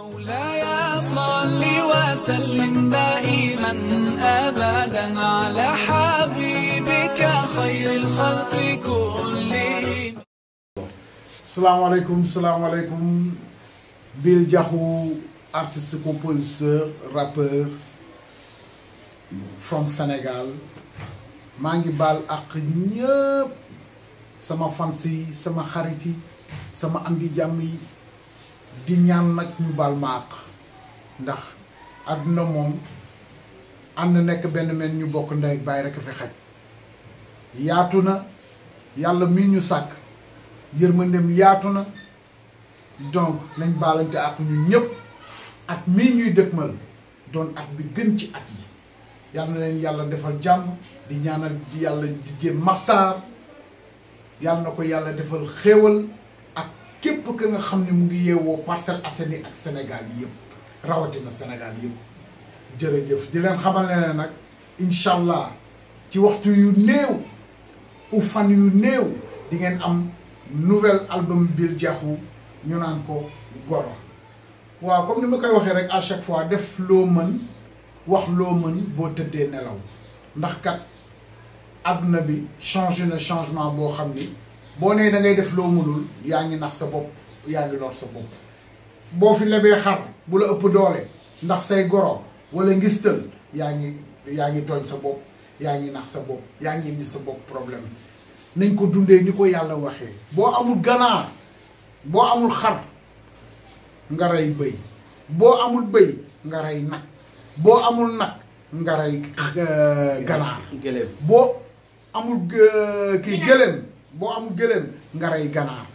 مولاي صل وسلم دائما ابدا على حبيبك خير الخلق كلهم السلام عليكم السلام عليكم Bill Diakhou artiste compositeur rappeur from Sénégal maa ngi baal ak ñëpp sama fans yi sama xarit yi sama am di jàmm yi di ñaan nag ñu baal ma àq ndax àdduna moom ànd nekk benn men ñu bokk ndey ak baay rek a fi xaj yaatu na yàlla mii ñu sàkk yërmandeem yaatu na donc nañ baalante ak ñun ñëpp at mii ñuy dëkkmal doon at bi gën ci at yi yàlla na leen yàlla defal jàmm di ñaanal yàlla di jéem maxtaar yàlla na ko yàlla defal xéewal ak képp ka nga xam ne mu ngi yeewoo parcel Assainies ak Sénégal yëpp rawatina Sénégal yëpp jërëjëf di leen xamal ne nag incha allah ci waxtu yu néew u fan yu néew di ngeen am nouvel album Bil Diakhou ñu naan ko Goro waaw comme ni ma koy waxee rek à chaque fois def loo mën wax loo mën boo tëddee nelaw ndax kat àdduna bi changé na changement boo xam ni boo nee da ngay def loo mënul yaa ngi nax sa bopp yaa ngi lor sa bopp boo fi lebee xar bu la ëpp doole ndax say walla ngis ngistal yaa ngi yaa ngi tooñ sa bopp yaa ngi nax sa bopp yaa ngi indi sa bopp problème nañ ko dundee ni ko yàlla waxee boo amul ganaar boo amul xar nga rey bëy boo amul bëy nga rey nag boo amul nag nga rey euh, ganaar boo amul euh, kii gëléem boo am gëléem nga rey ganaar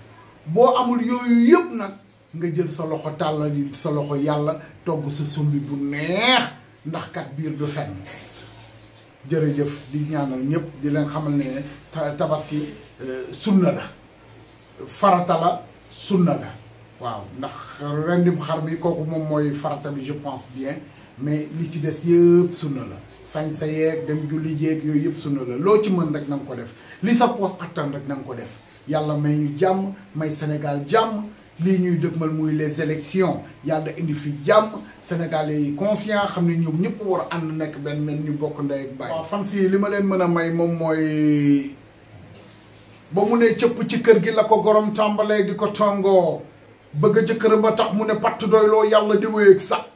boo amul yooyu yëpp nag nga jël sa loxo tàllali sa loxo yàlla togg sa sumbi bu neex ndax kat biir du fenn jërëjëf di ñaanal ñëpp di leen xamal ne tabaski euh, sunna la faratala la sunna la waaw ndax rendim xar mi kooku moom mooy faratali je pense bien mais li ci des yëpp sunna la sañ sa yeeg dem julli jeeg yooyu yëpp sunna la loo ci mën rek na nga ko def li sa poos attan rek na ko def yàlla may ñu jàmm may Sénégal jàmm lii ñuy dëgmal muy les élections yàlla indi fi jàmm sénégalais yi conscient xam ne ñoom ñëpp war a ànd nekk benn mel ñu bokk ndey ak baay. waaw li ma leen mën a may moom mooy ba mu ne cëpp ci kër gi la ko gorom tàmbalee di ko tongoo bëgg a jëkkër ba tax mu ne patt doyloo yàlla di wéy ak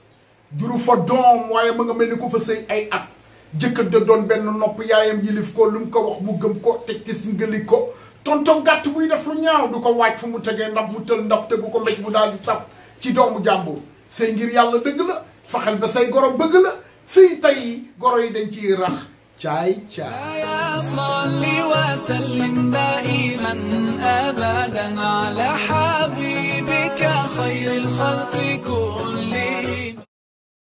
juru fa doom waaye ma nga mel ni ko fa sëy ay at jëkkër da doon benn nopp yaayam yilif ko lu mu ko wax mu gëm ko teg ci singali ko tonton gàtt buy def lu ñaaw du ko waaj fu mu tegee ndab mu tël te bu ko mbéj mu daal di sab ci doomu jàmbur sëy ngir yàlla dëgg la faxel ba say goro bëgg la sëy tey goro yi dañ ci rax caay caay salli wa sallim daiman abadan ala habibika xayril xalqi